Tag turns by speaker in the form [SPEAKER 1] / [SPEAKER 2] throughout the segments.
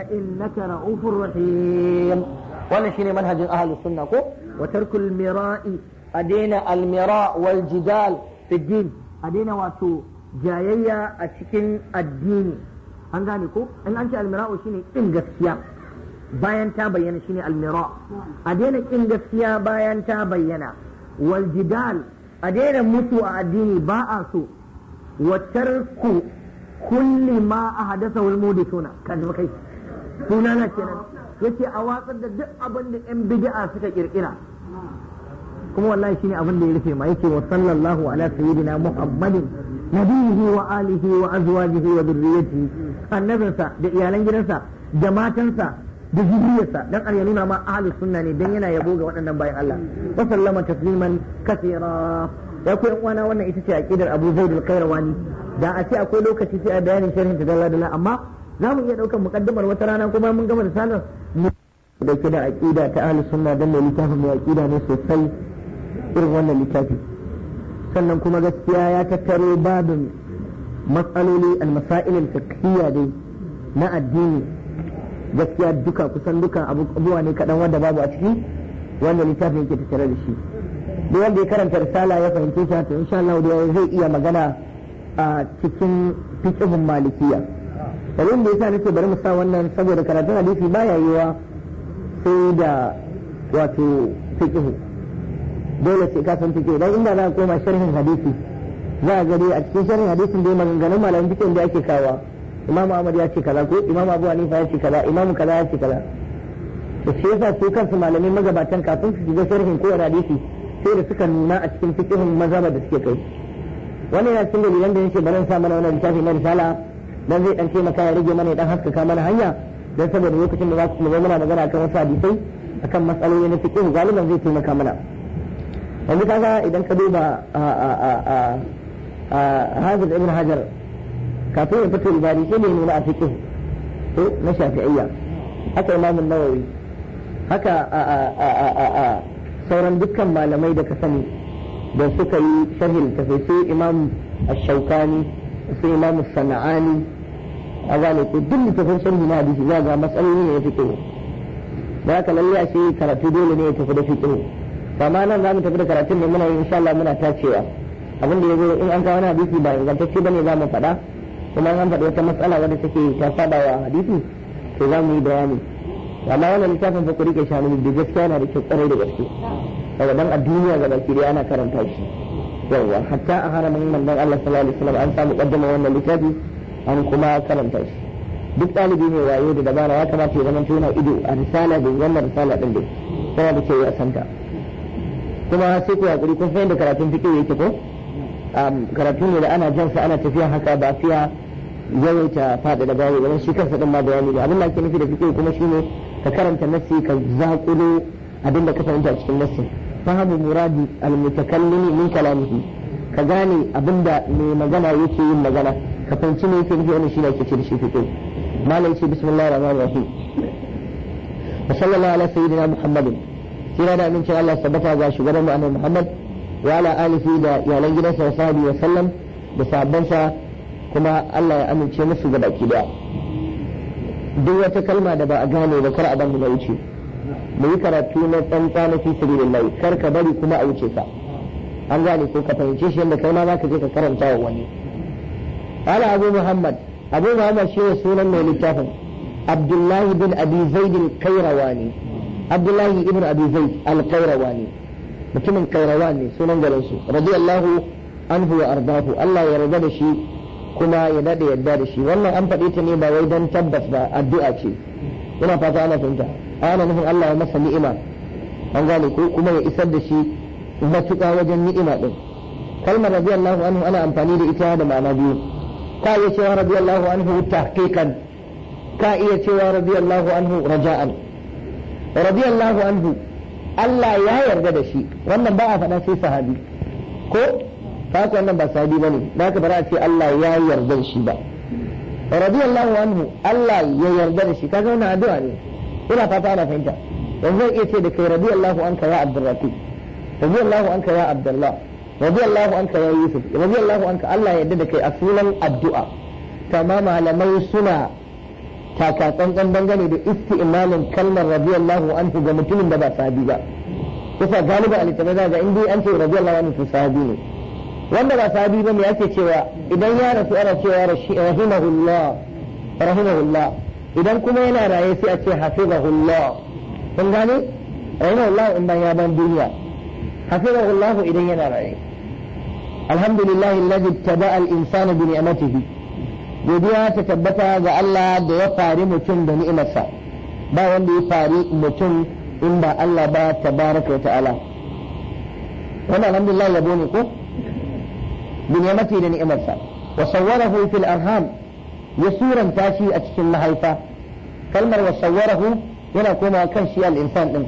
[SPEAKER 1] إنك رؤوف رحيم wannan shine manhajin ahlus sunna ko wa tarkul mira'i adina al mira wal jidal fi din adina wato jayayya a cikin addini an gane ko in an ce al mira'u shine kin gaskiya bayan ta bayyana shine al mira adina kin gaskiya bayan ta bayyana wal jidal mutu a addini ba a so Watar ku kulli ma ahadathahu al mudithuna kan sunana kenan yace a watsar da duk abin da yan bid'a suka kirkira kuma wallahi shine abin da ya rufe ma yake wa sallallahu ala sayyidina muhammadin nabiyihi wa alihi wa azwajihi wa dhurriyyatihi annabinsa da iyalan gidansa da matansa da zuriyarsa dan an ya ma ahli sunna ne dan yana yabo ga waɗannan bayan Allah wa sallama tasliman kathira ya ku yan uwana wannan ita ce aqidar Abu Zaid al-Qayrawani da a ce akwai lokaci sai a bayanin sharhin ta dalla amma za mu iya ɗaukar mukaddimar wata rana kuma mun gama risalar mu da ke da aƙida ta ahli sunna dan ne littafin mai aƙida ne sosai irin wannan littafi sannan kuma gaskiya ya tattaro babin matsaloli al-masail al-fiqhiyya dai na addini gaskiya duka kusan duka abubuwa ne kaɗan wanda babu a ciki wanda littafin yake tattare da shi duk wanda ya karanta risala ya fahimce shi to insha Allah da zai iya magana a cikin fiqhun malikiyya dalilin da yasa nake bari mu sa wannan saboda karatun hadisi baya yiwa sai da wato fiqh dole sai ka san fiqh dan inda za a koma sharhin hadisi za a gani a cikin sharhin hadisin da maganganun malamin fiqh da ake kawa imam Ahmad ya ce kaza ko imam Abu Hanifa ya ce kaza imam kaza ya ce kaza da shi yasa su kansu malamai magabatan kafin su shiga sharhin kowane hadisi sai da suka nuna a cikin maza ba da suke kai wannan yana cikin dalilan da yake barin sa mana wannan littafi na risala dan zai dan taimaka ya rage mana dan haskaka mana hanya dan saboda lokacin da za ku zo muna magana akan wasu hadisai akan matsaloli na fiqh galiban zai taimaka mana yanzu kaga idan ka duba a a a Ibn Hajar kafin ya fito ibadi shi ne nuna a fiqh na Shafi'iyya haka Imam Nawawi haka a a a sauran dukkan malamai da ka sani da suka yi sharhin sai Imam Ash-Shawkani sai Imam Sana'ani a zane ko duk littafin sharhi na hadisi za ga matsaloli ne ya fito da haka lalle a ce karatu dole ne ya tafi da ba ma nan za mu tafi da karatun ne muna insha Allah muna tacewa abin da zo in an kawo wani hadisi ba ingantacce bane za mu faɗa kuma an faɗi wata matsala wadda take ta saba wa hadisi to za mu yi bayani amma wannan littafin fa ku rike shi da gaskiya na da kyau kwarai da gaske daga dan a duniya ga baki ana karanta shi yawwa hatta a haramin manzon Allah sallallahu alaihi wasallam an samu kaddama wannan littafi an kuma karanta shi duk ɗalibi mai wayo da dabara ya kamata ya zamanta yana ido a risala da wannan risala ɗin dai sai da ke ya santa kuma sai ku yaƙuri kun fahimta karatun fiƙe yake ko karatu ne da ana jan sa ana tafiya haka ba fiya yawaita faɗa da bayo gaban shi kansa ɗin ma bayani ne abin da ake nufi da fiƙe kuma shine ka karanta nassi ka zaƙulo abin da ka fahimta cikin nassi fahimu muradi al-mutakallimi min kalamihi ka gane abin da mai magana yake yin magana ka fahimci me yake nufi wannan shine ake ce da shi fiqh malam ce bismillahir rahmanir rahim wa sallallahu ala sayyidina muhammadin kira da amincin Allah sabbata ga shugaban mu annabi muhammad wa ala alihi da iyalan gidansa wa sahbihi wa sallam da sahabbansa kuma Allah ya amince musu ga baki daya duk wata kalma da ba a gane ba kar a ban da wuce mu yi karatu na tsantsana fi sabilillahi kar ka bari kuma a wuce ka an gane ko ka fahimce shi yadda kai ma za ka je ka karanta wa wani قال أبو محمد أبو محمد شيء سونا من الكافر عبد الله بن أبي زيد القيرواني عبد الله ابن أبي زيد القيرواني mutumin kairawan ne sunan garinsu radiyallahu anhu wa ardahu Allah ya yarda da shi kuma ya dade yarda da shi wannan an faɗe ta ne ba wai don tabbas ba addu'a ce ina fata ana fahimta ana nufin Allah ya masa ni'ima an gane kuma ya isar da shi matuƙa wajen ni'ima din kalmar radiyallahu anhu ana amfani da ita da ma'ana biyu ka iya cewa radiyallahu anhu tahqiqan ka iya cewa radiyallahu anhu raja'an radiyallahu anhu Allah ya yarda da shi wannan ba a faɗa sai sahabi ko ta wannan ba sahabi bane da haka ba za a ce Allah ya yarda shi ba radiyallahu anhu Allah ya yarda da shi kaga wannan addu'a ne ina fata ana fahimta yanzu zan iya ce da kai radiyallahu anka ya abdurrafiq radiyallahu anka ya abdullah radiyallahu anka ya yusuf radiyallahu anka Allah ya yarda da kai a sunan addu'a kama malamai suna taka tsantsan dangane da isti'malin kalmar radiyallahu anhu ga mutumin da ba sahabi ba kusa galiba a littattafai in dai an ce radiyallahu anhu to wanda ba sahabi ba ne ake cewa idan ya rasu ana cewa rahimahullah rahimahullah idan kuma yana raye sai a ce hafizahullah kun gane rahimahullah in ban ya ban duniya idan yana raye alhamdulillah alladhi ittaba al-insana bi ni'matihi godiya ta tabbata ga Allah da ya fari mutum da ni'imarsa ba wanda ya fari mutum in ba Allah ba tabaraka wa ta'ala wannan alhamdulillah yabo ne ko bi ni'matihi da ni'imarsa wa sawwarahu fil arham ya suranta shi a cikin mahaifa kalmar wa sawwarahu yana komawa kan shi al-insan din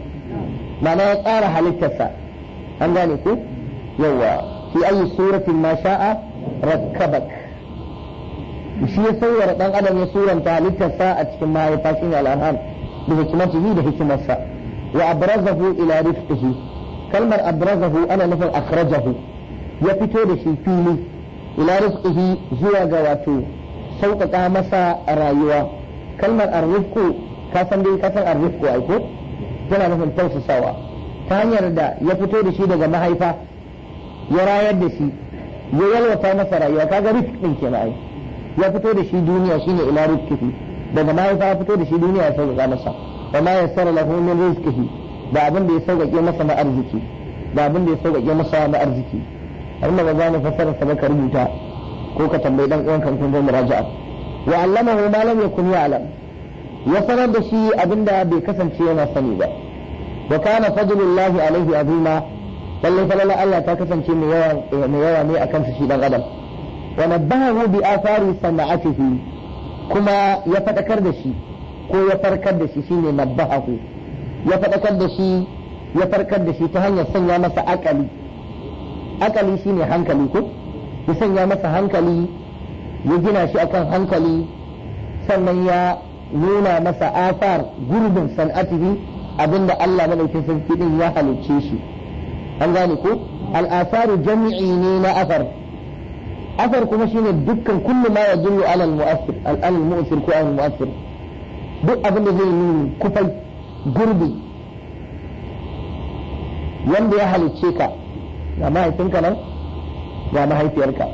[SPEAKER 1] ma'ana ya tsara halittarsa an gane ko yawa في أي سورة ما شاء ركبك shi ya saurara dan adam ya suranta sa a cikin mahaifa shi ne al'an'am bi hikimatihi da hikimarsa wa abrazahu ila rifqihi kalmar abrazahu ana nufin akhrajahu ya fito da shi fili ila rifqihi zuwa ga wato sauƙaƙa masa rayuwa kalmar arrifku ka san dai ka san arrifku ai ko tana nufin tausasawa ta hanyar da ya fito da shi daga mahaifa ya rayar da shi ya yalwata masa rayuwa kaga risk din ke ai ya fito da shi duniya shine ila rizqihi daga mahaifa ya fito da shi duniya ya ga masa wa ma yassara lahu min rizqihi da abin da ya sauƙaƙe masa na arziki da abin da ya sauƙaƙe masa na arziki amma ba za mu fassara sa ka rubuta ko ka tambayi dan uwanka kun zo muraja'a wa allamahu ma lam yakun ya'lam ya sanar da shi abinda bai kasance yana sani ba wa kana fadlullahi alaihi azima lallai falala Allah ta kasance mai yawa mai yawa ne akan su shi dan adam wa nabahu bi athari sana'atihi kuma ya fadakar da shi ko ya farkar da shi shine nabahu ya fadakar da shi ya farkar da shi ta hanyar sanya masa akali akali shine hankali ko ya sanya masa hankali ya gina shi akan hankali sannan ya nuna masa afar gurbin san'atihi abinda Allah madaukakin sarki din ya halicce shi an gane ko al'asaru jami'i ne na asar asar kuma shine dukkan kullu ma yadullu ala muassir al-mu'assir ko al-mu'assir duk abin da zai nuni kufai gurbi wanda ya halicce ka ga mahaifinka nan ga mahaifiyarka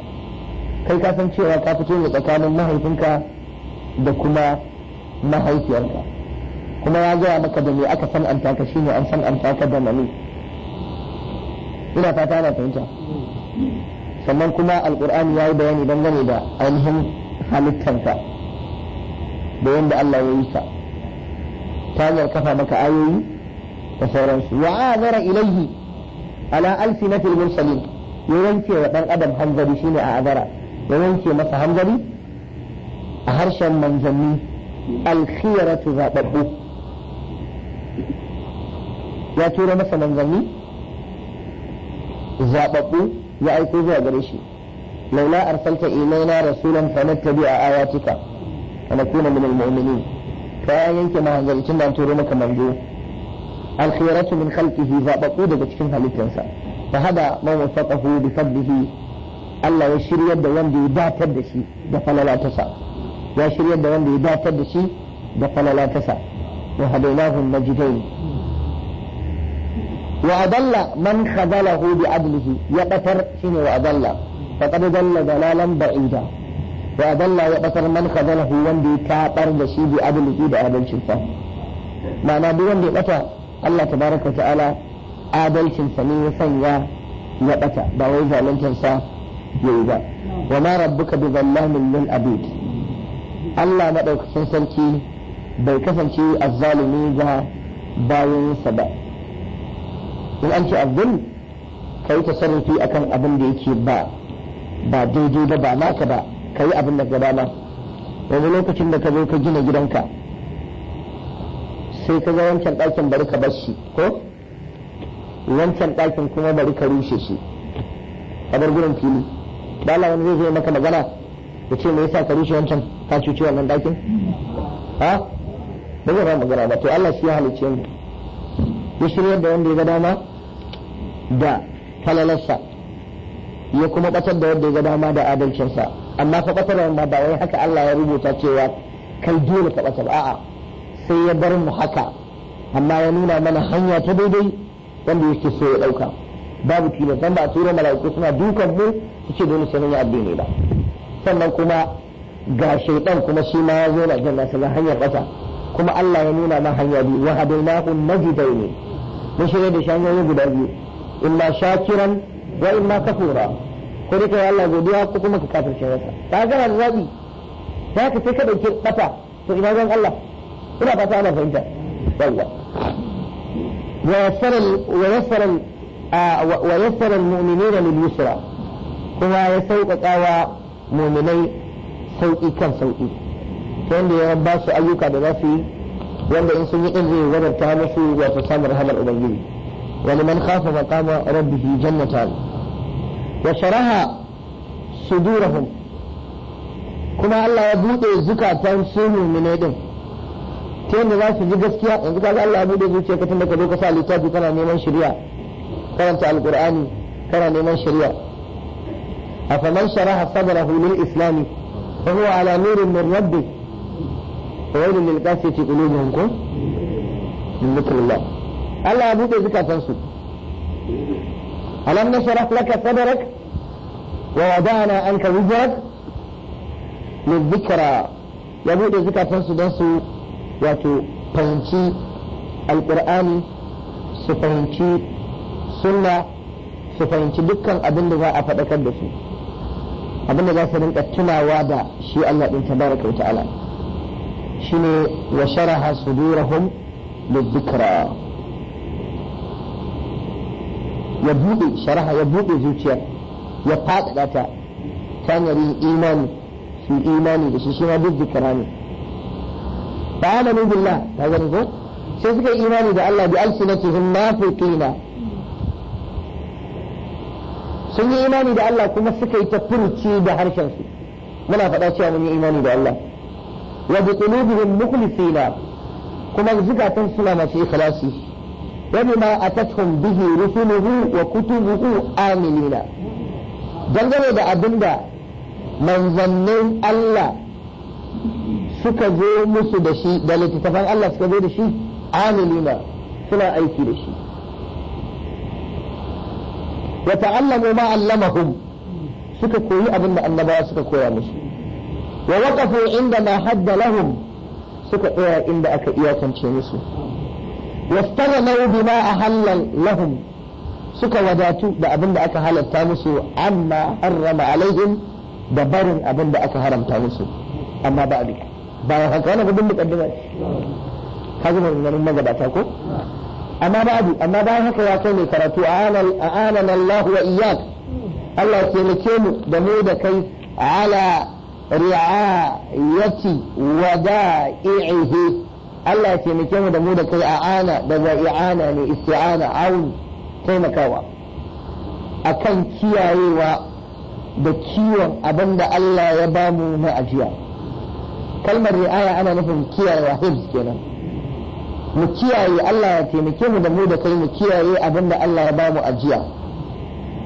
[SPEAKER 1] kai ka san cewa ka fito ne tsakanin mahaifinka da kuma mahaifiyarka kuma ya gaya maka da me aka san an shine an san an da mani ina fata na fahimta sannan kuma alkur'ani ya yi bayani dangane da ainihin halittarsa da yadda Allah ya yi sa ta hanyar kafa maka ayoyi da sauransu wa azara ilaihi ala alsinatil mursalin ya yanke wa dan adam hanzari shine a azara ya yanke masa hanzari a harshen manzanni alkhiratu zababbu ya tura masa manzanni zaɓaɓɓu ya aiko zuwa gare shi laula arsalta ilaina rasulan a ayatika wa nakuna min almu'minin ka yanke mahanzari tun da an turo maka manzo alkhairatu min khalqihi daga cikin halittansa fa hada man wasaqahu bi fadlihi Allah ya shiryar da wanda ya datar da shi da falala ta ya shiryar da wanda ya datar da shi da falala ta wa hadainahu najidain wa adalla man khazalahu bi adlihi ya batar shine wa adalla faqad dalla dalalan ba'ida wa adalla ya batar man khazalahu wanda ya tabar da shi bi adlihi da adalcin sa ma'ana duk wanda ya bata Allah tabaraka ta'ala adalcin sa ne ya sanya ya bata ba wai zaluntar sa yayi ba wa ma rabbuka bi zallamin Allah madaukakin sarki bai kasance azzalumi ga bayansa ba in an ce azzul ka yi tasarrufi akan abin da yake ba ba daidai ba ba naka ba ka yi abin da ga dama wani lokacin da ka zo ka gina gidanka sai ka ga wancan ɗakin bari ka bar shi ko wancan ɗakin kuma bari ka rushe shi a bar gurin fili ba la wani zai zo maka magana ya ce me yasa ka rushe wancan ka cuci wannan ɗakin ha ba zai ba magana ba to Allah shi ya halicce mu ya shirya da wanda ya ga dama da falalarsa ya kuma batar da wanda ya ga dama da adalcinsa amma fa batar ma ba wai haka Allah ya rubuta cewa kai dole ka batar a'a sai ya bar mu haka amma ya nuna mana hanya ta daidai wanda yake so ya ɗauka babu tilas dan ba a tura mala'iku suna dukan mu su ce dole sai mun yi addini ba sannan kuma ga shaitan kuma shi ma ya zo na janna sai hanyar ƙasa kuma Allah ya nuna ma hanya biyu wa hadainahu najdaini mun shirya da shi hanyoyi guda biyu illa shakiran wa illa kafura ko dai kai Allah godiya ko kuma ka kafirce masa ka ga da zabi za ka sai ka dauke bata to ina zan Allah ina ba ta ana fahimta yawa wa yassara wa yassara wa yassara almu'minina lil yusra kuma ya sauƙaƙa wa mu'minai sauƙi kan sauƙi ta yanda ya ba su ayyuka da za su yi wanda in sun yi ɗin zai wadanta musu wato samun rahamar ubangiji ولمن خاف مقام ربه جنتان وشرها صدورهم كما الله يبوده الزكاة تنسوه من يدهم تين الناس يجلس كيا إن قال الله أبو دزوج يا كتنة كذو كسال يتابع كنا نيمان شريعة كنا تعال القرآن كنا نيمان شريعة أفمن شرح صدره للإسلام فهو على نور من ربه وين من القاسية قلوبهم كون من ذكر الله Allah ya buɗe zukatansu alam nashrah laka sadrak wa wada'na anka wizrak lidhikra ya buɗe zukatansu don su wato fahimci alqur'ani su fahimci sunna su fahimci dukkan abin da za a faɗakar da su abin da za su rinka tunawa da shi Allah ɗin tabaraka wa ta'ala shine wa sharaha sudurahum lidhikra ya buɗe sharaha ya buɗe zuciya ya faɗaɗa ta ta hanyar yin imani su imani da shi shi ma duk zikira ne fa amanu billah ta gani ko sai suka yi imani da Allah bi alsinatihim nafiqina sun yi imani da Allah kuma suka yi ta furci da harshen su muna faɗa cewa mun yi imani da Allah wa bi qulubihim mukhlisina kuma zukatan suna masu ikhlasi وبما أتتهم به رسله وكتبه آمنين dangane da abinda da manzannin Allah suka zo musu da shi da littattafan Allah suka zo da shi amilina suna aiki da shi wa ta'allamu ma allamahum suka koyi abin annabawa suka koya musu wa waqafu inda ma hadda lahum suka tsaya inda aka iya iyakance musu واستغنوا بما أحل لهم suka wadatu da abin da aka halatta musu amma harrama alaihim da barin abin aka haramta musu amma ba abin bayan haka wani gudun mukaddima ce ka zama ganin magabata ko amma ba abu amma bayan haka ya kai karatu a anan Allah wa Allah mu da mu da kai ala ri'ayati Allah ya taimake mu da mu da kai a'ana da za'i'ana ne isti'ana aun taimakawa akan kiyayewa da kiwon abin da Allah ya ba mu na ajiya kalmar ri'aya ana nufin kiyayewa hibs kenan mu kiyaye Allah ya taimake mu da mu da kai mu kiyaye abin da Allah ya ba mu ajiya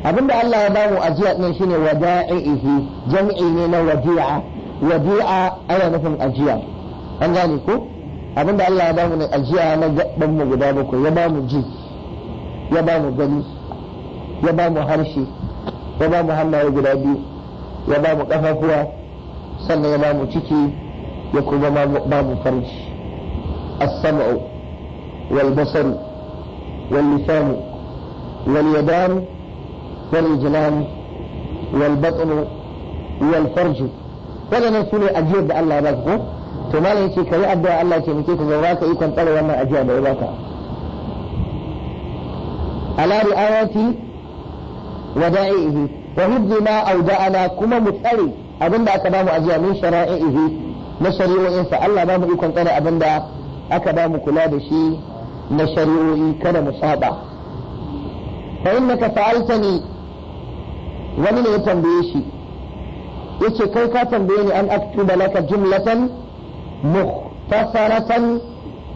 [SPEAKER 1] abin da Allah ya ba mu ajiya din shine wada'ihi jam'i ne na wadi'a wadi'a ana nufin ajiya an gane ko abinda Allah ya ba mu ne ajiya na gaban mu guda bakwai ya ba mu ji ya ba mu gani ya ba mu harshe ya ba mu hannaye guda biyu ya ba mu kafafuwa sannan ya ba mu ciki ya kuma ba mu farji as-sam'u wal basaru wal lisanu wal yadanu wal ijlanu wal batnu wal farju wannan sune ajiyar da Allah ya ba ku to malam yace kai addu'a Allah ce muke ka zaura ka ikon tsare wannan ajiya da ya baka ala ri'ayati wada'ihi wa hibdi ma auda'ana kuma mu tsare abinda aka bamu ajiya min shara'ihi na shari'o'insa Allah ba mu ikon tsare abinda aka bamu kula da shi na shari'o'i kada mu saba fa innaka fa'altani wani ne ya tambaye shi yace kai ka tambaye ni an aktuba laka jumlatan mukhtasaratan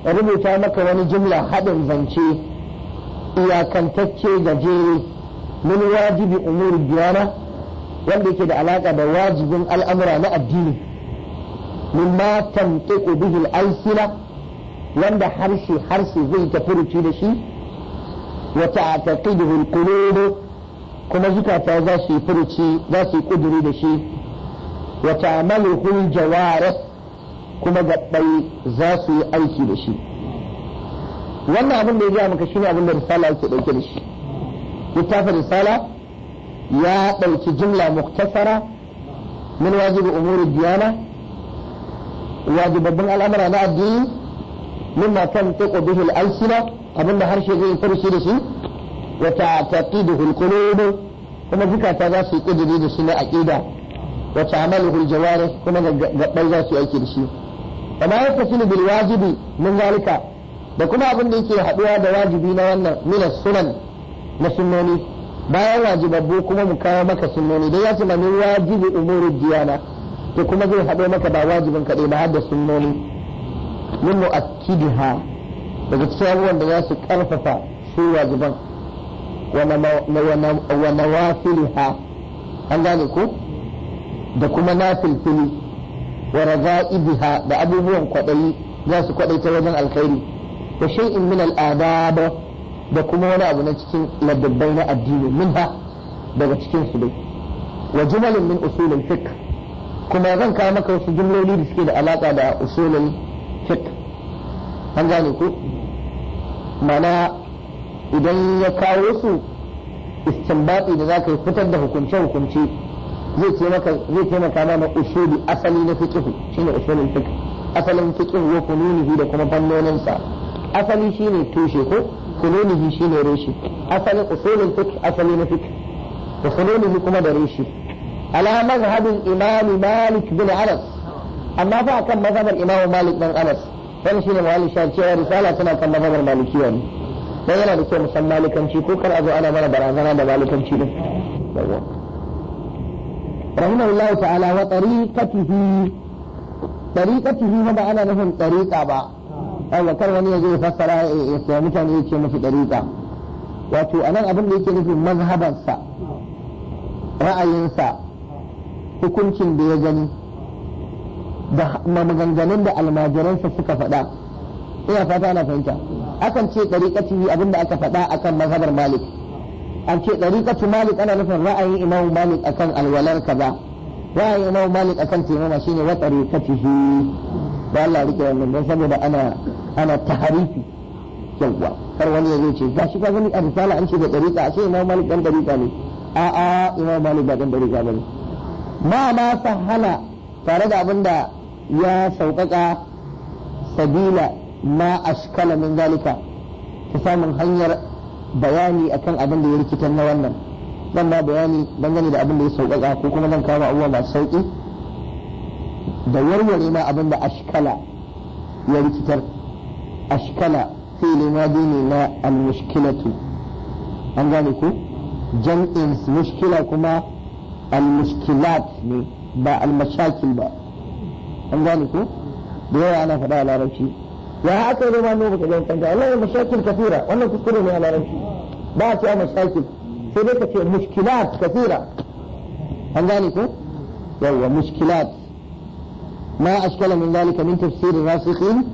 [SPEAKER 1] rubuta maka wani jumla haɗin zance iyakantacce gajere min wajibi umur diyana wanda yake da alaƙa da wajibin al'amura na addini mimma tamtiqu bihi al-alsina wanda harshe harshe zai ta furuci da shi wa ta'taqiduhu al-qulub kuma zukata za su yi furuci za su yi kuduri da shi wa ta'maluhu al-jawarih kuma gaɓɓai za su yi aiki da shi wannan abin da ya gaya maka shine abin da risala yake ɗauke da shi littafin risala ya ɗauki jimla muktasara min wajibi umuri diyana wajibabbin al'amura na addini mimma kan tuqu bihi al abin abinda harshe zai furshi da shi wa ta'taqiduhu al-qulub kuma zukata za su yi kudiri da shi na aqida wata ta'maluhu al-jawarih kuma gabbai za su yi aiki da shi wa ma yattasilu bil wajibi min zalika da kuma abin da yake haduwa da wajibi na wannan min sunan na sunnoni bayan wajibabbu kuma mu kawo maka sunnoni dai ya ce ma min wajibi umurud diyana to kuma zai haɗo maka ba wajibin kaɗai ba har da sunnoni min mu'akkidiha daga cikin abubuwan da za su karfafa su wajiban wa nawafilha an gane ko da kuma na filfili wa raza'ibha da abubuwan kwaɗayi za su ta wajen alkhairi da shay'in min al-adab da kuma wani abu na cikin ladabbai na addini minha daga cikin su dai wa jumalun min usulin fiqh kuma zan kawo maka wasu jumloli da suke da alaka da usulin fiqh an gane ku mana idan ya kawo su istinbati da za fitar da hukunce-hukunce zai ce zai taimaka mana usuli asali na fiqh shine usulul fiqh asalin fiqh wa fununihi da kuma fannonin sa asali shine tushe ko fununihi shine reshi asalin usulul fiqh asali na fiqh da fununihi kuma da reshi ala mazhabin imam malik bin anas amma ba akan mazhabar imam malik bin anas dan shine mawali sha cewa risala tana kan mazhabar malikiya ne dan yana da kyau musan malikanci ko kar a zo ana mana barazana da malikanci
[SPEAKER 2] din
[SPEAKER 1] rahimahullahu ta'ala wa tariqatihi tariqatihi ma ba ana nufin tariqa ba Allah kar wani ya zo ya fassara ya mutane ya ce musu tariqa wato anan abin da yake nufin mazhabansa ra'ayinsa hukuncin da ya gani da maganganun da almajiransa suka faɗa ina fata ana fahimta akan ce tariqatihi abin da aka faɗa akan mazhabar malik an ce ɗariƙatu malik ana nufin ra'ayin imam malik akan alwalar ba ra'ayin imam malik akan taimama shine wa ɗariƙatihi ba Allah rike wannan don saboda ana ana taharifi yawwa har wani ya zo ce shi ka gani a risala an ce da ɗariƙa ashe imam malik dan ɗariƙa ne a'a imam malik ba dan ɗariƙa ne. ma ma sahala tare da abinda ya sauƙaƙa sabila ma ashkala min zalika ta samun hanyar bayani akan abin da ya rikitar na wannan zan ba bayani dangane da abin da ya sauƙaƙa ko kuma zan kama abubuwa masu sauƙi da warware ma abin da ashkala ya rikitar ashkala fili ma ne na almushkilatu an gane ku jam'in mushkila kuma almushkilat ne ba almashakil ba an gane ku da yawa ana faɗa a larabci وهكذا ما نوبك جاي تنجا مشاكل كثيرة وانا تذكرني على رأيك باش يا مشاكل في بيتك مشكلات كثيرة هل ذلك؟ يوه مشكلات ما أشكال من ذلك من تفسير الراسخين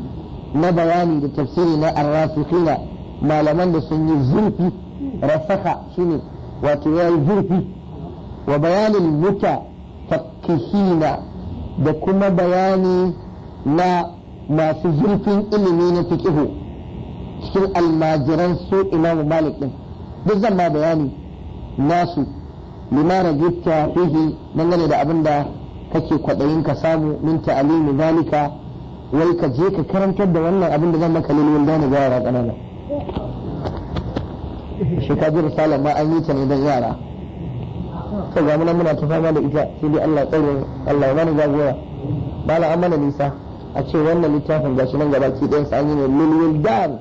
[SPEAKER 1] ما بياني لتفسيرنا الراسخين ما لمن سن الزرف رسخ شنو واتواء الزرف وبيان المتفقهين دكما بياني لا masu zurfin ilimi na fiqihu cikin almajiran su imamu malik din duk zan ma bayani nasu limara gitta fihi dangane da abin da kake kwaɗayin ka samu min ta'alimi zalika wai ka je ka karantar da wannan abin da zan maka lilwin da ga yara ka shekaru risala ma an yi ta ne don yara sai ga muna muna ta fama da ita sai dai Allah tsare Allah ya mana jagora bala an mana nisa a ce wannan littafin shi nan gaba ki ɗaya sani ne lilwil dan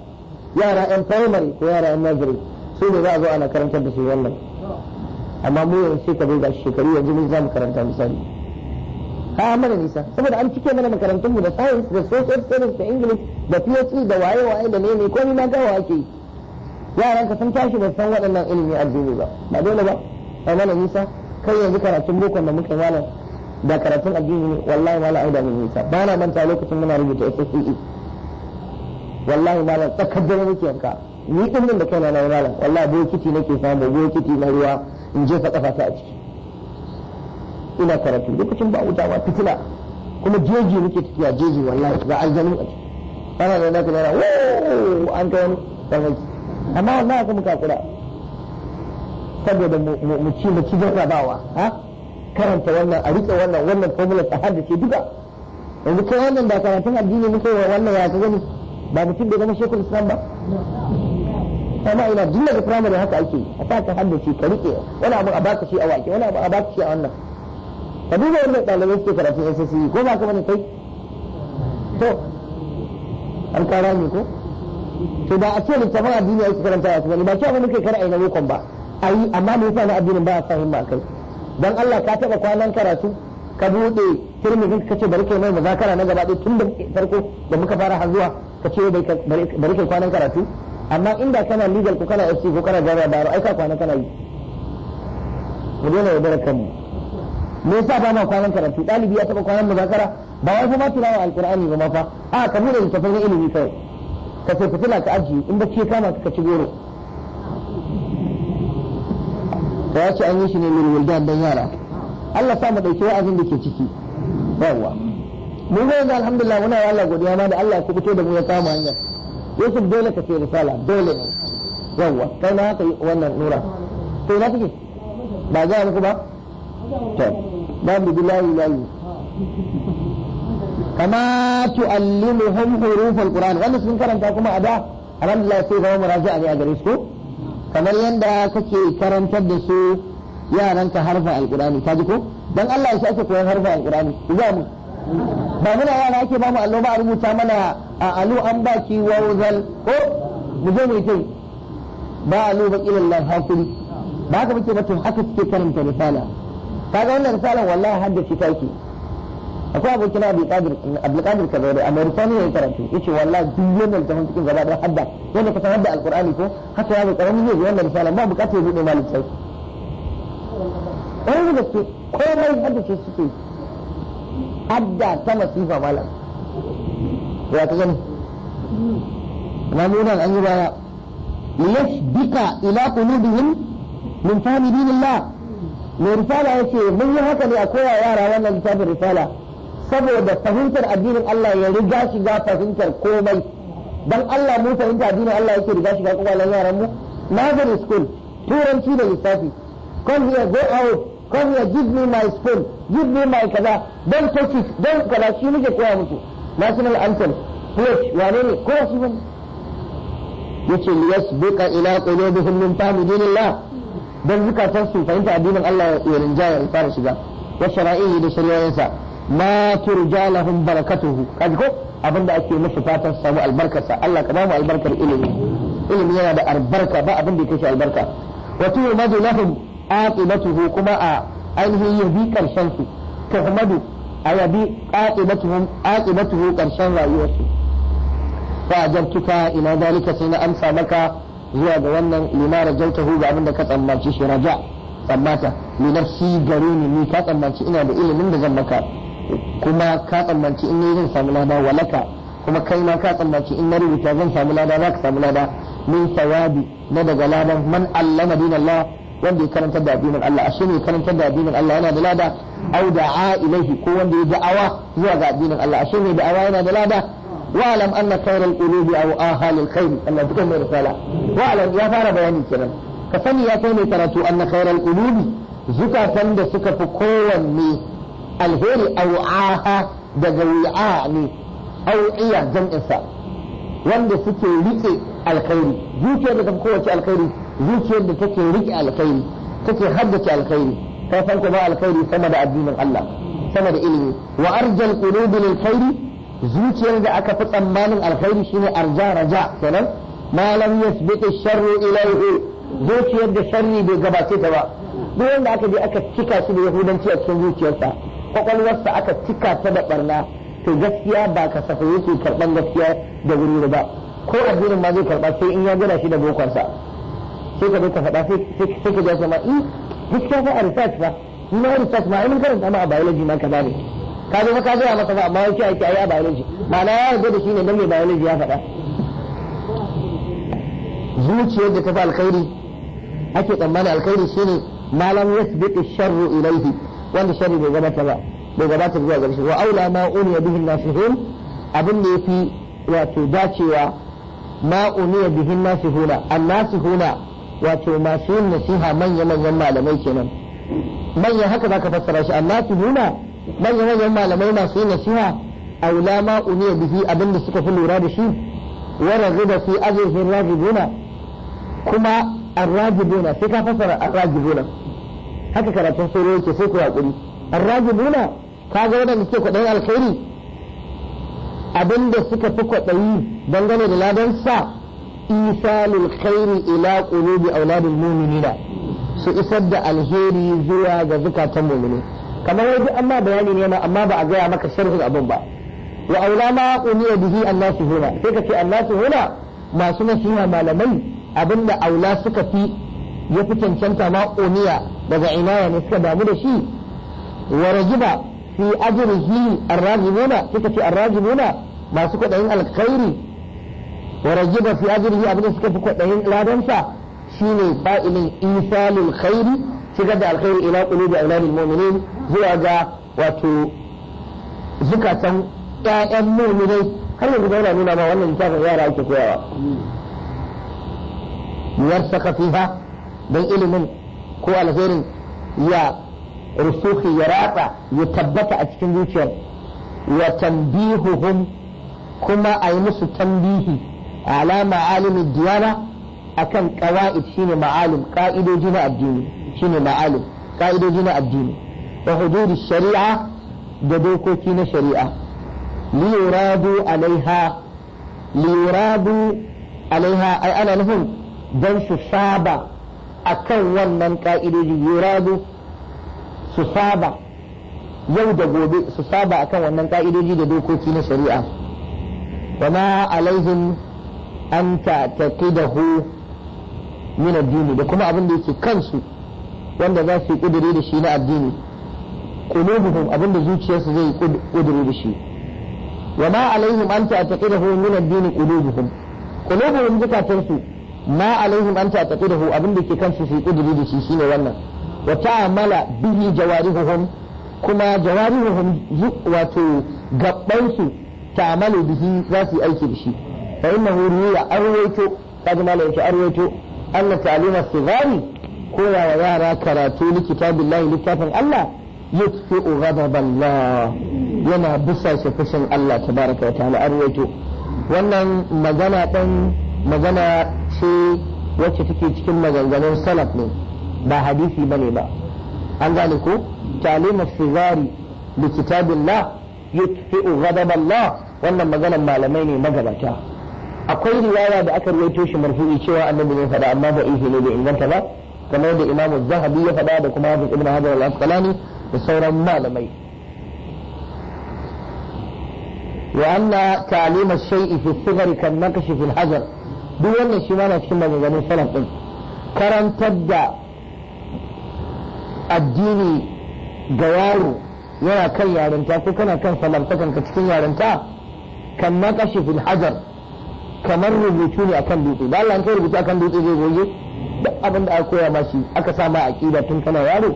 [SPEAKER 1] yara yan primary ko yara yan nursery su ne za a zo ana karantar da su wannan amma mu yanzu sai ka bai gashi shekaru yanzu mun za mu karanta misali ka mana nisa saboda an cike mana makarantun mu da science da social studies da english da phd da waye waye da ne ko ni ma gawa ake yi yaran ka sun tashi ba san waɗannan ilimi addini ba ba dole ba amma mana nisa kai yanzu karatun bokon da muka malam da karatun addini wallahi mala aida mun nisa ba na manta lokacin muna rubuta SSE e. wallahi ma la dare nake yanka ni din nan da kaina na malam wallahi bokiti nake samu bokiti na ruwa in je fa kafa ta a ciki ina karatu lokacin ba wuta ba fitila kuma jeji nake tafiya jeji wallahi ba aljanu a ciki kana da naka na wo an kai wani farmaki amma wallahi kuma kakura saboda mu ci mu ci jarrabawa ha karanta wannan a rike wannan wannan formula ta har ce shi duka yanzu ko wannan ba karatun addini muke wa wannan ya ka gani ba mutum da zama shekul islam ba amma ina duk daga firamare haka ake a sa ka har ce ka rike wani abu a baka shi a waki wani abu a baka shi a wannan ka duba wannan ɗalibai suke karatun SSE ko ba ka bane kai to an kara ne ko to da a ce littafin addini ake karanta a su ba ce abin da kai kar a yi na ba a yi amma me yasa na addinin ba a sa himma kai dan Allah ka taba kwanan karatu ka bude turmi ka ce bari kai mai muzakara na gaba ɗaya tun da farko da muka fara har zuwa ka ce bari kai kwanan karatu amma inda kana legal ko kana FC ko kana jami'a baro ai ka kwanan kana yi mu dole ya bar kanmu me yasa ba ma kwanan karatu dalibi ya taba kwanan muzakara ba wai kuma tilawa alqur'ani ba ma fa a ka bude littafin ilimi kawai ka ce fitila ka ajiye in ce kama ka ci goro da ya ce an yi shi ne lil wildan dan yara Allah sa mu dauki wa'azin da ke ciki yawa mun ga yanzu alhamdulillah muna yi Allah godiya ma da Allah ya fito da mu ya samu hanyar Yusuf dole ka ce risala dole ne yawa kai na haka wannan nura Kai na take ba za muku ba to babu billahi lahi kama tu'allimuhum hurufal qur'an wannan sun karanta kuma a da alhamdulillah sai ga mu raji'a ne a gare su ko kamar yadda kake karantar da su yaranka harfa alqur'ani ka ji ko dan Allah ya ake koyan harfa alqur'ani ba mu ba muna yara ake ba mu allo ba a rubuta mana a alu an baki wawzal ko mu je mu kai ba alu ba ilallah hakuri ba haka muke ba to haka suke karanta risala kaga wannan risalan wallahi haddace take akwai abokin abdulkadir kabari a mauritaniya ya karatu ya ce walla duk yadda littafin cikin gaba ɗaya hadda yadda ka san hadda alkur'ani ko haka ya ga karamin zai wannan misali ba bukatar ya buɗe ma littafi wani da ke komai hadda ce suke hadda ta masifa malam ya ta gani mamunan an yi baya liyashbika ila qulubihim min fahmi dinillah mai risala ya ce mun yi haka ne a koya yara wannan littafin risala saboda fahimtar addinin Allah ya riga shiga fahimtar komai dan Allah mu fahimta addinin Allah yake riga shiga kwakwalen yaran mu nazari school turanci da lissafi come here go out come here give me my spoon give me my kaza don take it don kaza shi muke koya musu national anthem pledge wane ne ko shi ne yace liyasbiqa ila qulubihim min fahmi dinillah dan zukatan su fahimta addinin Allah ya rinjaya ya fara shiga wa shara'ihi da shari'o'insa ma turja lahum barakatuhu kaji ko abinda ake musu fatan samu albarkarsa Allah ka bamu albarkar ilimi ilimi yana da albarka ba abin da yake shi albarka wa tuhmadu lahum aqibatuhu kuma a ainihin yabi karshen su tuhmadu a yabi aqibatuhum aqibatuhu karshen rayuwarsu fa ajabtuka ila dalika sai na amsa maka zuwa ga wannan limara jautahu ga da ka tsammaci shi raja tsammata li nafsi garuni ni ka tsammaci ina da ilimin da zan maka kuma ka tsammanci in ne zan samu lada walaka kuma kai ma ka tsammanci in na rubuta zan samu lada za ka samu lada min sawabi na daga ladan man allama dinallah wanda ya karanta da addinin Allah ashe ne karanta da addinin Allah yana da lada au da'a ilaihi ko wanda ya da'awa zuwa ga addinin Allah ashe ne da'awa yana da lada واعلم ان خير القلوب او اهل الخير ان تكون رساله واعلم يا فار بياني كلام كفني يا كوني ترتو ان خير القلوب زكاة da suka fi kowanne alheri au'aha daga wi'a ne au'iya jam'insa wanda suke rike alkhairi zuciyar da ta kowace alkhairi zuciyar da take rike alkhairi take haddace alkhairi ka san ba alkhairi sama da addinin Allah sama da ilimi wa arjal qulubi lil khairi zuciyar da aka fi tsammanin alkhairi shine arja raja kenan ma lam yasbiqu sharru ilayhi zuciyar da sharri bai gabace ta ba duk wanda aka je aka cika shi da yahudanci a cikin zuciyarsa kwakwalwarsa aka cika ta da barna to gaskiya ba ka safa yake karban gaskiya da wuri ba ko addinin ma zai karba sai in ya gina shi da bokonsa sai ka ka faɗa sai ka jasa ma in eh, gaskiya fa a research ba ni ma research ma mun karanta ma a biology ma ka zane ka zo ka a masa ba amma yake aiki yi a biology ma'ana ya yarda da shi ne don mai biology ya faɗa zuciyar da ta fi alkhairi ake tsammanin alkhairi shine malam yasbiqu sharru ilaihi wanda shari bai gabata ba bai gabata zuwa gare wa aula ma uniya bihin nasihun abin da yafi wato dacewa ma uniya bihin nasihuna annasihuna wato masu yin nasiha manya manyan malamai kenan manya haka zaka fassara shi annasihuna manya manyan malamai masu yin nasiha aula ma uniya bihi abin da suka fi lura da shi wa raghiba fi ajrihi ragibuna kuma arragibuna sai ka fassara arragibuna haka karatun sauro yake sai ku hakuri arrajibuna kaga wadanda suke kwaɗayin alkhairi abinda suka fi kwaɗayi dangane da ladan sa isalul khairi ila qulubi auladul mu'minina su isar da alheri zuwa ga zukatan mu'mini kamar yanzu amma bayani ne ma amma ba a gaya maka sharhin abin ba wa aula ma umiya bihi annasu huna sai ka ce annasu huna masu nasiha malamai abinda aula suka fi ya fi cancanta ma uniya daga inaya ne suka damu da shi wa rajiba fi ajrihi arrajibuna suka ce arrajibuna masu kwaɗayin alkhairi wa rajiba fi ajrihi abin da suka fi kwaɗayin ladansa shine fa'ilin isalul khairi shigar da alkhairi ila qulubi auladil mu'minin zuwa ga wato zukatan ƴaƴan mu'minai har yanzu da yana nuna ma wannan littafin yara ake koyawa yarsaka fiha don ilimin ko alherin ya rusuhi ya ratsa ya tabbata a cikin zuciyar wa tambihuhum kuma a yi musu tambihi ala ma'alimin diyana akan qawa'id shine ma'alim ka'idoji na addini shine ma'alim ka'idoji na addini wa hududi shari'a da dokoki na shari'a liyuradu alaiha liyuradu alaiha ai ana nufin don su saba akan wannan ka'idoji yuradu su saba yau da gobe su saba akan wannan ka'idoji da dokoki na shari'a wa ma alaihim an ta'taqidahu min addini da kuma abin da yake kansu wanda za su yi kudure da shi na addini qulubuhum abin da zuciyarsu zai kudure da shi wa ma alaihim an ta'taqidahu min addini qulubuhum qulubuhum zukatansu ma alaihim an taqidahu ke kansu su kudiri da shi shine wannan wa ta'amala bihi jawarihuhum kuma jawarihuhum bihi za yi aiki da shi fa innahu ruwiya arwayto kaji malam shi koya wa yara karatu likitabillahi littafin Allah yutfi'u ghadaballah yana busa Allah wannan magana magana ce wacce take cikin maganganun salaf ne ba hadisi bane ba an gane ko talimar sigari la kitabillah yutfi'u ghadab la wannan maganar malamai ne magabata akwai riwaya da aka rawaito shi marfu'i cewa annabi ne faɗa amma ba ihe ne bai inganta ba kamar da Imam Zahabi ya faɗa da kuma Hafiz Ibn Hajar al-Asqalani da sauran malamai وأن تعليم الشيء sigari kan كالنقش في الحجر duk wannan shi ma na cikin maganganun salaf din karantar da addini ga yaro yana kan yarinta ko kana kan samartakan ka cikin yarinta kan ma kashe fil hajar kamar rubutu ne akan dutse da Allah kai rubutu akan dutse zai goge duk abin da aka koya shi aka sa ma aqida tun kana yaro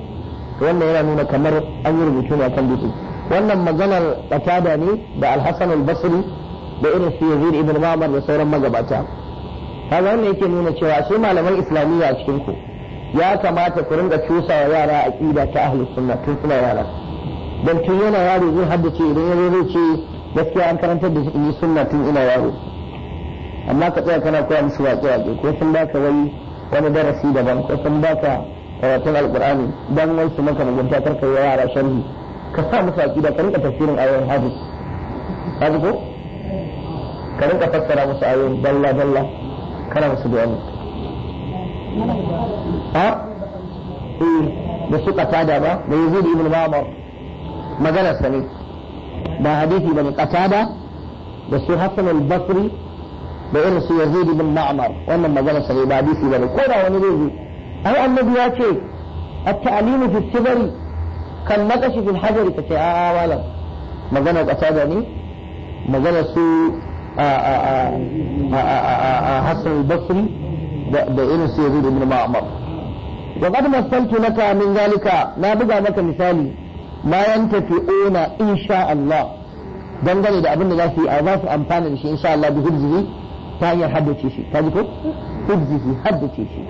[SPEAKER 1] wannan yana nuna kamar an yi rubutu ne akan dutse wannan maganar qatada ne da al-Hasan al-Basri da irin su Yazid ibn Ma'mar da sauran magabata kaga ne yake nuna cewa su malaman islamiyya a cikin ku ya kamata ku ringa cusawa yara yara ƙida ta ahlus sunna tun suna yara don tun yana yaro zai haddace idan ya zai ce gaskiya an karantar da ni sunna tun ina yaro amma ka tsaya kana koya musu waƙe waƙe ko sun baka wai wani darasi daban ko sun baka karatun alqur'ani dan wai su maka mugunta karka yi yara sharhi ka sa musu aqida ka rinka tafsirin ayoyin hadis hadis ko ka rinka fassara musu ayoyin dalla dalla كلام الصبي عمر ها ايه بسوطة قتادة با ليزيد ابن مامر ما قال السليم يعني. با حديث ابن قتادة بسو حسن البصري بإرس يزيد بن معمر وانا ما قال السليم يعني با حديث ابن كورا ونريزي اهو ان نبي التعليم في السبري كان نقش في الحجر تكي اه والا ما قال قتادة يعني. ما قال Hassan Basri da irin su Yazid ibn Ma'mar wa qad masaltu laka min zalika na buga maka misali ma ona insha Allah dangane da abin da za su yi a za su amfana da shi insha Allah bi hibzihi ta hanyar haddace shi Ta ji ko hibzihi haddace shi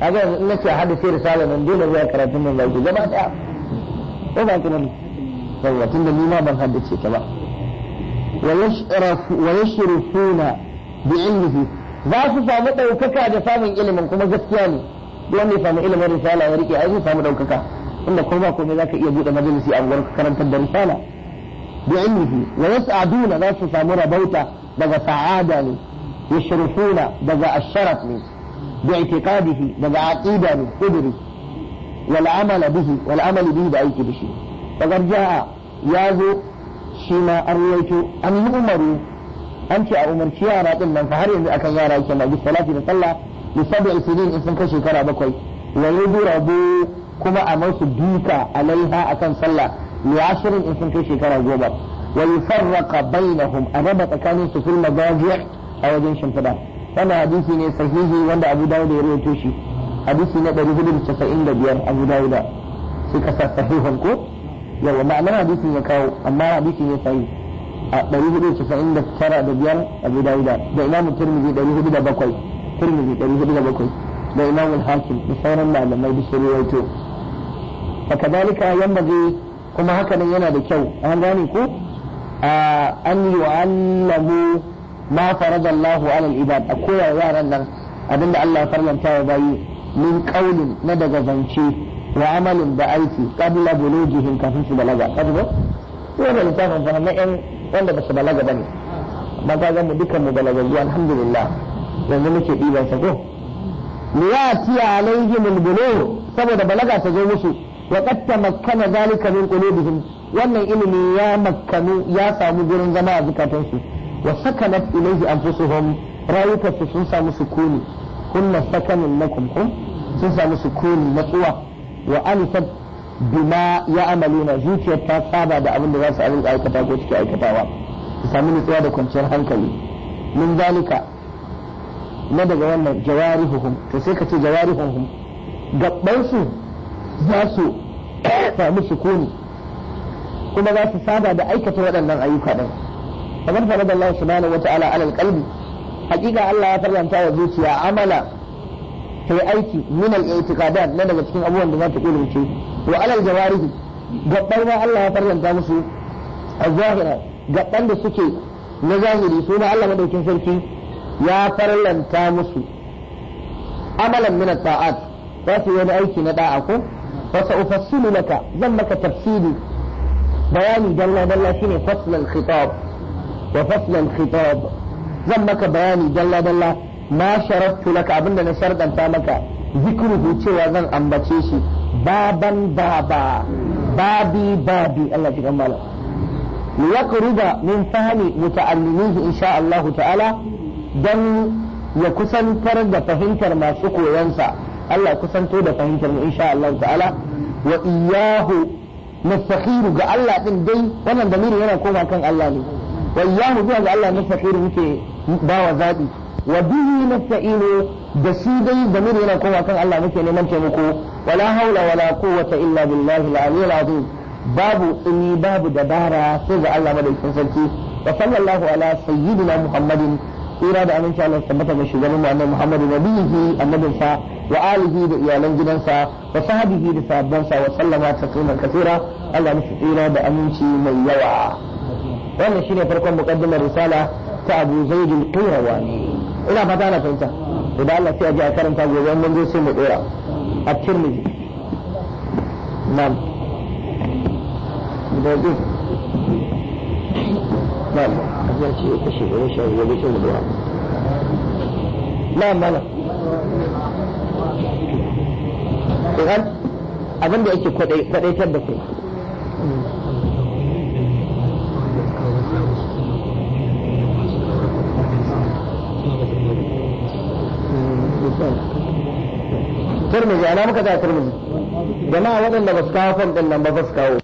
[SPEAKER 1] kaga yanzu in nace haddace risala nan dole zuwa karatun nan zai gaba daya ko ba kuma yawa da ni ma ban haddace ta ba ويشرفون بعلمه ذاك فما دوكك هذا فما علم كما جتياني لاني فما علم الرساله وريكي ايضا فما دوكك ان كما كما ذاك يجود مجلس اول كرنت الرساله بعلمه ويسعدون ذاك فما ربوت بغى سعاده يشرفون بغى الشرف باعتقاده بغى عقيده قدري والعمل به والعمل به بايك بشيء فقد جاء يازو shi ma an rawaito an yi umaru an ce a umarci yara din nan fa har yanzu akan yara yake na salati da sallah li sab'i sinin in sun kai shekara bakwai wa yudrabu kuma a masu duka alaiha akan sallah li ashirin in sun kai shekara goma wa yufarraqa bainahum a raba tsakanin su fil madaji' a wajen shimfida wannan hadisi ne sahihi wanda Abu Dawud ya rawaito shi hadisi na 495 Abu Dawud sai ka sa sahihun ko yawa ma'anar hadisin ya kawo amma hadisin ya sayi a 499 da da biyar abu dawuda da imam turmizi 407 turmizi 407 da bakwai da al-hakim da sauran malamai da shari'a yato fakadalika yambazi kuma haka nan yana da kyau an gane ko an yu'allamu ma faradallahu ala al-ibad a koya yaran nan abinda Allah ya farlanta wa bayi min qaulin na daga zance wa amalin da aiki qabla bulughihim kafin su balaga kaji ba littafin fa na yan wanda ba su balaga bane amma ka mu dukkan mu balagaggu saboda balaga ta zo musu wa qad tamakkana zalika min qulubihim wannan ilimi ya makkanu ya samu gurin zama a shi wa sakanat ilaihi anfusuhum rayukansu sun samu sukuni kunna sakanin lakum kun sun samu sukuni natsuwa wa alifat bima ya amaluna zuciyar ta saba da abin da za su abin aikata ko suke aikatawa su sami nutsuwa da kwanciyar hankali min zalika na daga wannan jawari hukum to sai ka ce jawari gabban su za su sami sukuni kuma za su saba da aikata waɗannan ayyuka din kamar faradallahu subhanahu wata'ala alal qalbi hakika Allah ya faranta wa zuciya amala هي أيكي من الاعتقادات لدى تكون أبوان بما تقول بشي وعلى الجوارح قطعنا الله فرلا تامسي الظاهرة قطعنا سكي نزاهي سونا الله مدى كفركي يا فرلا تامسي أملا من الطاعات فاتي وانا أيكي نداعكم فسأفصل لك ذنبك تفسيري بياني جل جل شيني فصل الخطاب وفصل الخطاب ذنبك بياني جل جل, ma sharattu laka abinda na shardanta maka zikruhu cewa zan ambace shi baban baba babi babi Allah ya kammala yaqruba min fahmi muta'allimihi insha Allah ta'ala dan ya kusantar da fahimtar masu koyansa Allah kusanto da fahimtar mu insha Allah ta'ala wa iyyahu nastakhiru ga Allah din dai wannan damiri yana koma kan Allah ne wa iyyahu zuwa ga Allah nastakhiru muke bawa zabi wa bihi nasta'inu da shi dai zamir yana koma kan Allah muke neman taimako wala haula wala quwwata illa billahi al-aliyyil azim babu tsini babu dabara sai ga Allah madaukakin sarki wa sallallahu ala sayyidina muhammadin tsira da aminci Allah tabbata ga shugaban Muhammad Muhammad nabiyihi sa wa alihi da iyalan gidansa wa sahabihi da sa wa sallama tasliman katsira Allah musu tsira da aminci mai yawa wannan shine farkon muqaddimar risala ta Abu Zaid al-Qayrawani ina fata na fahimta idan Allah sai a ji a karanta gobe mun zo sai mu dora a tirmidhi na'am da zai na'am a ce ya kashe wani shawo gobe sai mu dora na'am mana idan abin da yake kwadaitar da kai hmm. turmuzi ana muka ta turmuzi jama'a waɗanda ba su kawo fan ɗin nan ba ba su kawo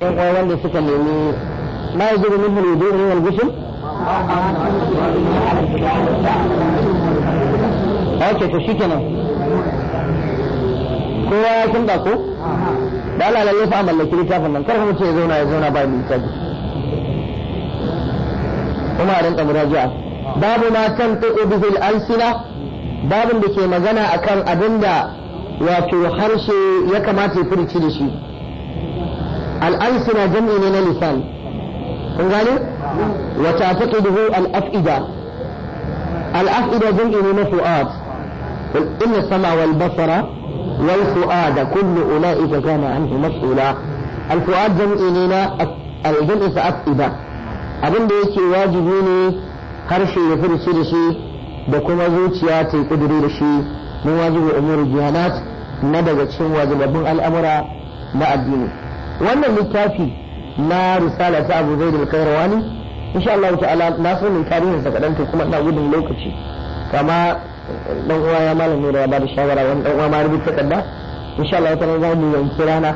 [SPEAKER 1] ɗan uwa wanda suka nemi ma yi zuru min hudu ne wal gushin ake to kenan. kowa ya kin ko da Allah lalle fa kiri littafin nan kar mutum ya zauna ya zauna ba mu littafi kuma a rinka muraji'a babu ma kan ta bihi al-alsina babin da ke magana akan abin da wato harshe ya kamata ya furci da shi al'ansuna jam'i ne na lisan kun gane wata taƙi duhu al'af'ida al'af'ida jam'i ne na fu'ad inna sama wal basara wal fu'ada kullu ula'ika kana anhu mas'ula al fu'ad jam'i ne na al-jam'i sa'af'ida abin da yake wajibi ne harshe ya furci da shi da kuma zuciya ta yi ƙuduri da shi min wajibu umuri jihanat na daga cikin wajibabin al'amura na addini wannan littafi na risala ta abu zai da kairawani insha Allah ala na so ne tarihin sa kadan kuma ina gudun lokaci kama dan uwa ya malam ne da ya bada shawara wani dan uwa ma rubuta kadda insha Allah ne za mu yanki rana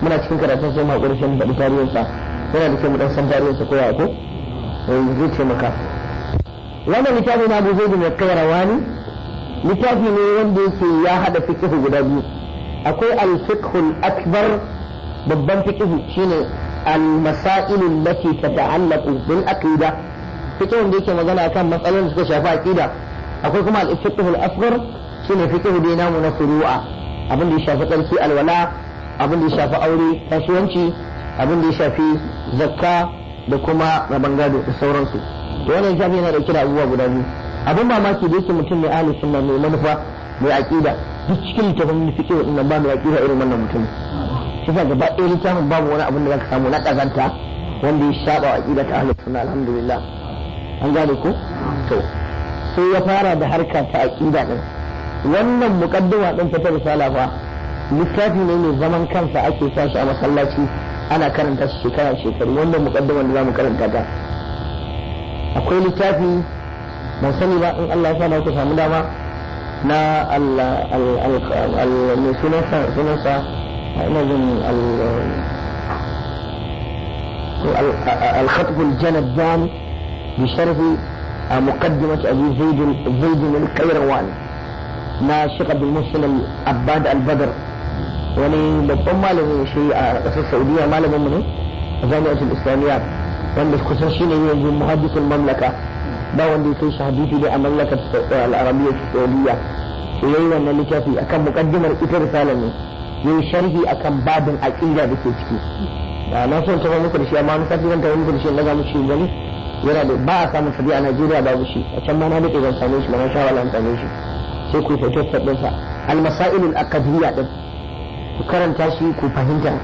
[SPEAKER 1] muna cikin karatun sai mu hakuri sai mu faɗi tarihin sa yana da kyau mu dan san tarihin sa ko ya ko eh, zai ce maka wannan littafi na buzo da kai rawani littafi ne wanda yake ya hada fikihu guda biyu akwai al-fiqhul akbar babban fikihu shine al-masail allati tata'allaqu bil aqida fikihun da yake magana akan matsalolin da suka shafi aqida akwai kuma al-fiqhul asghar shine fikihu da namu na furu'a abin da ya shafi tsarki alwala abin da ya shafi aure kasuwanci abin da ya shafi zakka da kuma rabangado da sauransu to wannan shafi yana da kira abubuwa guda biyu abin mamaki da yake mutum mai ahli sunna mai manufa mai aqida duk cikin littafin fiqh wannan ba mai aqida irin wannan mutum shi sa gaba ɗaya littafin babu wani abin da zaka samu na kazanta wanda ya saba wa aqida ta ahli sunna alhamdulillah an gane ko to sai ya fara da harka ta aqida din wannan muqaddima din ta risala fa littafi ne mai zaman kansa ake sa shi a masallaci ana karanta shi shekara shekaru wannan muqaddimar da zamu karanta ta akwai littafi ban sani الخطب الجنبان بشرف مقدمة أبي زيد زيد القيروان مع الشيخ عبد المحسن عباد البدر وني لبما لهم شيء السعودية ما لهم منه جامعة الإسلاميات wanda kusan shi ne yanzu muhaddisin mamlaka ba wanda ya kai shi hadisi da a mamlakar al'arabiyya saudiya sai yayi wannan littafi akan muqaddimar ita risala ne yayi sharhi akan babin aqida da ke ciki da na son ta muku da shi amma na kaji ta wani shi na ga gani yana da ba a samu sabi a Najeriya babu shi a can ma na dake zan same shi ba na sha wala same shi sai ku fito sabbin sa al al-aqdiyya din ku karanta shi ku fahimta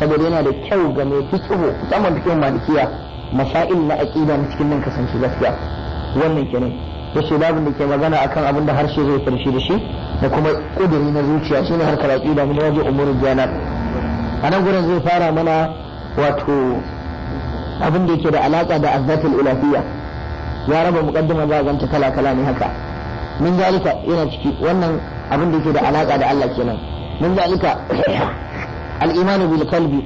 [SPEAKER 1] saboda yana da kyau ga mai fiqh zaman fiqh malikiya masail na aqida mu cikin nan kasance gaskiya wannan kenan yace babin da ke magana akan abin da harshe zai karshe da shi da kuma kuduri na zuciya shine harkar aqida mun waje umurul janab anan gurin zai fara mana wato abin da yake da alaka da azzatul ulafiyya ya raba muqaddima za ganta kala kala ne haka min zalika yana ciki wannan abin da yake da alaka da Allah kenan min zalika al-imanu bil qalbi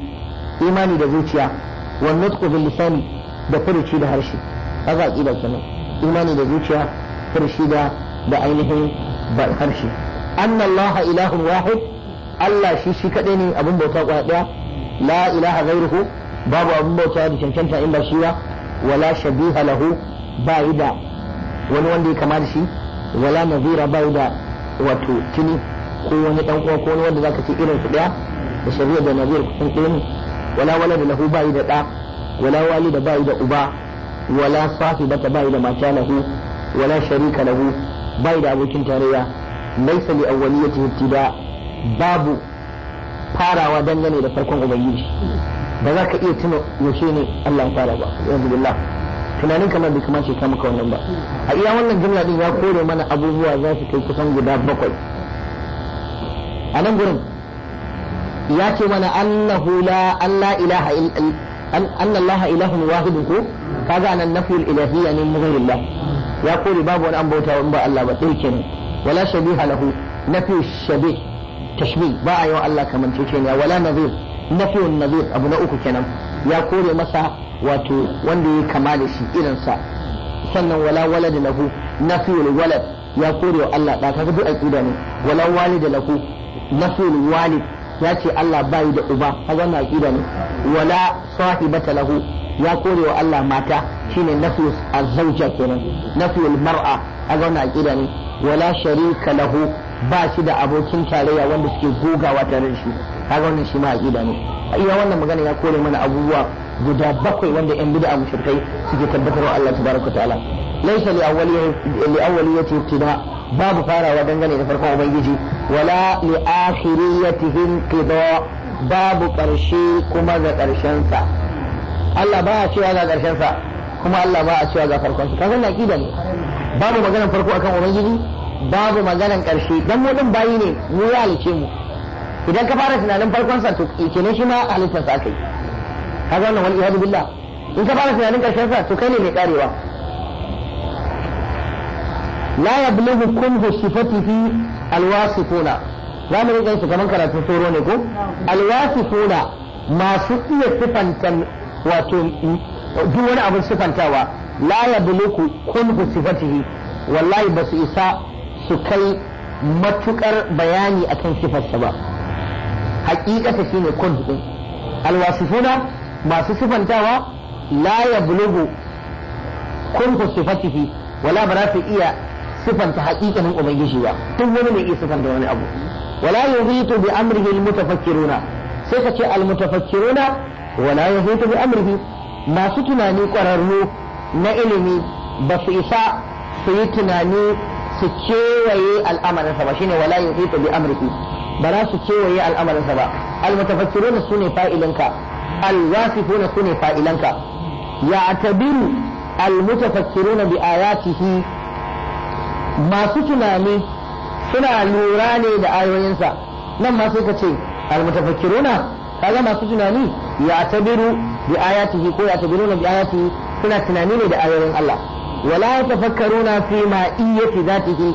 [SPEAKER 1] imani da zuciya wan nutqu bil lisan da furuci da harshe kaga aqida kenan imani da zuciya furuci da da ainihin harshe anna allaha ilahun wahid Allah shi shi kadai ne abin bauta kwa daya la ilaha ghairuhu babu abin bauta da cancanta in ba shi ba wala shabiha lahu ba da wani wanda ya kama da shi wala nazira ba da wato tuni ko wani dan uwa ko wani wanda zaka irin su da da nazir kusan wala wala da lahu bai da ɗa wala wali da bai da uba wala bata da bai da mata lahu wala sharika lahu bai da abokin tarayya laysa li awwaliyati ibtida babu farawa dangane da farkon ubangiji ba za ka iya tuna yaushe ne Allah ya fara ba yanzu billah tunanin kamar bai kamace ka maka ba a iya wannan jumla din ya kore mana abubuwa za su kai kusan guda bakwai a nan gurin ya ce mana annahu la alla ilaha anna Allah ilahun wahidun ko kaga nan nafiyul ilahiyya ne mughayrillah ya kore babu wani an bauta in ba Allah ba dai kenan wala shabiha lahu nafi shabih tashbih ba a yi wa Allah kamar ya wala nazir nafiyun nazir abu na uku kenan ya kore masa wato wanda ya kama da shi irin sa sannan wala walad lahu nafiyul walad ya kore wa Allah da kaga duk aqida ne wala walid lahu nafiyul walid ya ce Allah bai da uba a wannan aqida ne wala sahibata lahu ya kore wa Allah mata shine nafyu azauja kenan nafyu al-mar'a a wannan aqida ne wala sharika lahu ba shi da abokin tarayya wanda suke gogawa tare da shi kaga wannan shi ma aqida ne iya wannan magana ya kore mana abubuwa guda bakwai wanda yan bid'a mushrikai suke tabbatarwa Allah tabaraka ta'ala laysa li awwali li awwaliyati ibtida babu farawa dangane da farkon ubangiji wala li akhiriyatihim qida babu karshe kuma ga karshen sa Allah ba a cewa ga karshen sa kuma Allah ba a cewa ga farkon sa kaga aqida ne babu maganar farko akan ubangiji babu maganar karshe dan mu din bayi ne mu ya halice mu idan ka fara tunanin farkon sa to kenan shi ma halittar sa kai kaga wannan wal iyadu billah in ka fara tunanin karshen sa to kai ne mai karewa la yablughu kunhu sifati fi alwasifuna za mu rika su kaman karatu soro ne ko alwasifuna masu iya sifanta wato duk wani abin sifantawa la yablughu kunhu sifatihi wallahi ba su isa su kai matukar bayani akan sifarsa ba hakikata shine kun din alwasifuna masu sifantawa la ya bulugu kurku sifatihi wala ba za su iya sifanta hakikanin ubangiji ba tun wani ne iya sifanta wani abu wala ya yuhitu bi amrihi almutafakkiruna sai ka ce almutafakkiruna wala ya yuhitu bi amrihi masu tunani ƙwararru na ilimi ba su isa su yi tunani su kewaye al'amarinsa ba shine wala ya yuhitu bi amrihi ba za su kewaye al'amarinsa ba almutafakkiruna sune fa'ilinka alwasifuna sune fa'ilanka ya'tabiru almutafakkiruna bi ayatihi masu tunani suna lura ne da ayoyinsa nan ma sai ka ce almutafakkiruna kaga masu tunani ya'tabiru bi ayatihi ko ya'tabiruna bi ayatihi suna tunani ne da ayoyin Allah wala yatafakkaruna fi ma iyyati zatihi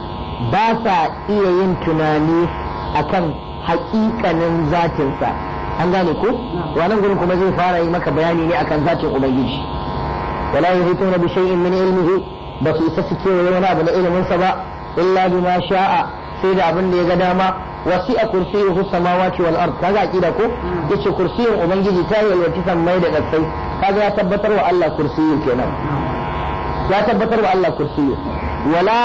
[SPEAKER 1] ba sa iya yin tunani akan haƙiƙanin zatinsa an gane ko wa nan gurin kuma zai fara yi maka bayani ne akan zatin ubangiji wala yuhituna bi shay'in min ilmihi ba su isa su kewaye wani abu na ilimin sa ba illa bima sha'a sai da abin da ya ga dama wasi a kursiyuhu samawati wal ard kaga akida ko yace kursiyin ubangiji ta yi alwati sammai da kasai kaga ya tabbatar wa Allah kursiyu kenan ya tabbatar wa Allah kursiyu wala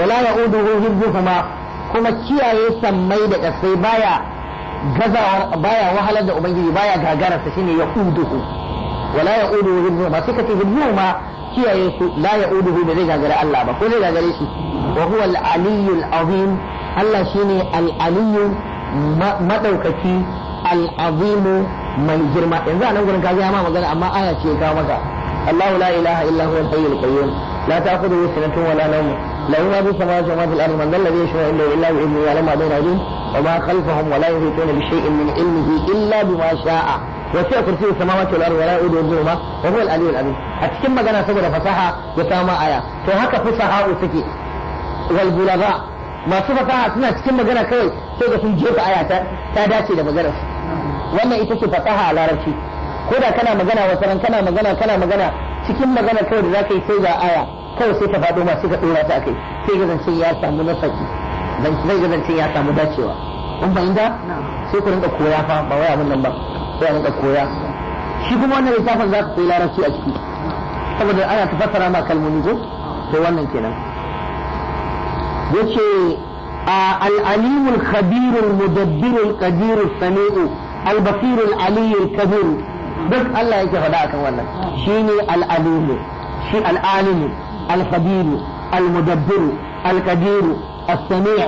[SPEAKER 1] wala ya'uduhu hibbuhuma kuma kiyaye sammai da kasai baya gazawa baya wahalar da ubangiji baya gagararsa shine ya uduhu wala ya uduhu hilmu ba suka ce hilmu ma kiyaye su la ya uduhu da zai gagare Allah ba ko zai gagare shi wa huwa al-aliyyul azim Allah shine al Aliyu madaukaki al-azim mai girma yanzu anan gurin ka ma magana amma aya ce ga maka Allahu la ilaha illa huwa al-hayyul qayyum la ta'khudhuhu sinatun wala nawm له ما في السماوات وما في الارض من ذا الذي يشفع عنده الا باذنه يعلم ما بين ايديهم وما خلفهم ولا يحيطون بشيء من علمه الا بما شاء وسع كرسي السماوات والارض ولا يؤوده حفظهما وهو العلي العظيم اتكم magana saboda fasaha ya samu aya to haka fasaha suke wal bulagha masu fasaha suna cikin magana kawai sai ga sun jefa aya ta dace da maganar wannan ita ce fasaha a larabci ko da kana magana wasu kana magana kana magana cikin magana kawai da zaka yi sai aya kawai sai ta faɗo sai ka ɗora ta akai sai gazance ya samu nasaki zai gazance ya samu dacewa kun fahimta sai ku rinka koya fa ba wai abin nan ba sai a rinka koya shi kuma wannan littafin za ka koyi larabci a ciki saboda ana ta fassara ma kalmomi ko to wannan kenan yace العليم الخبير المدبر القدير السميع البصير العلي الكبير duk Allah yake faɗa akan wannan shine al'alimu shi al'alimu الخبير المدبر القدير السميع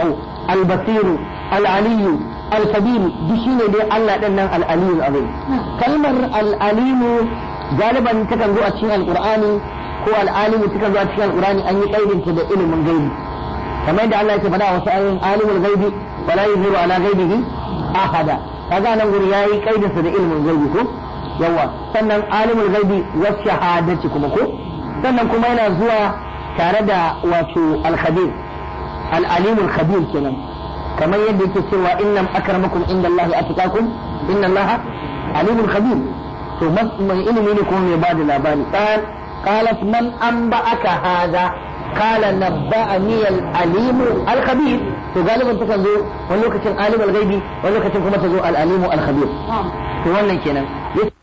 [SPEAKER 1] البصير العلي الخبير دشيني دي الله دنا العلي العظيم كلمة العليم غالبا تكن جوا cikin القرآن ko al'alimu zo a cikin al'urani an yi ƙaidinta da ilimin gaibi kamar yadda Allah ya faɗa a wasu ayoyin alimul gaibi wala yuziru ala gaibihi ahada kaga nan guri yayi ƙaidinsa da ilimin gaibi ko yawa sannan alimul gaibi wa shahadati kuma ko sannan kuma yana zuwa tare da wato al-khabir al-alimul khabir kenan kamar yadda yake cewa innam akramakum indallahi atqakum innallaha alimul khabir to mai ilimi ne kuma mai ba da labari qalat man an ba aka kala na hadha قال نبأني العليم الخبير to galiban ta zo wani lokacin alim al-ghaibi wani lokacin kuma ta zo al-alimu al-khabir to wannan kenan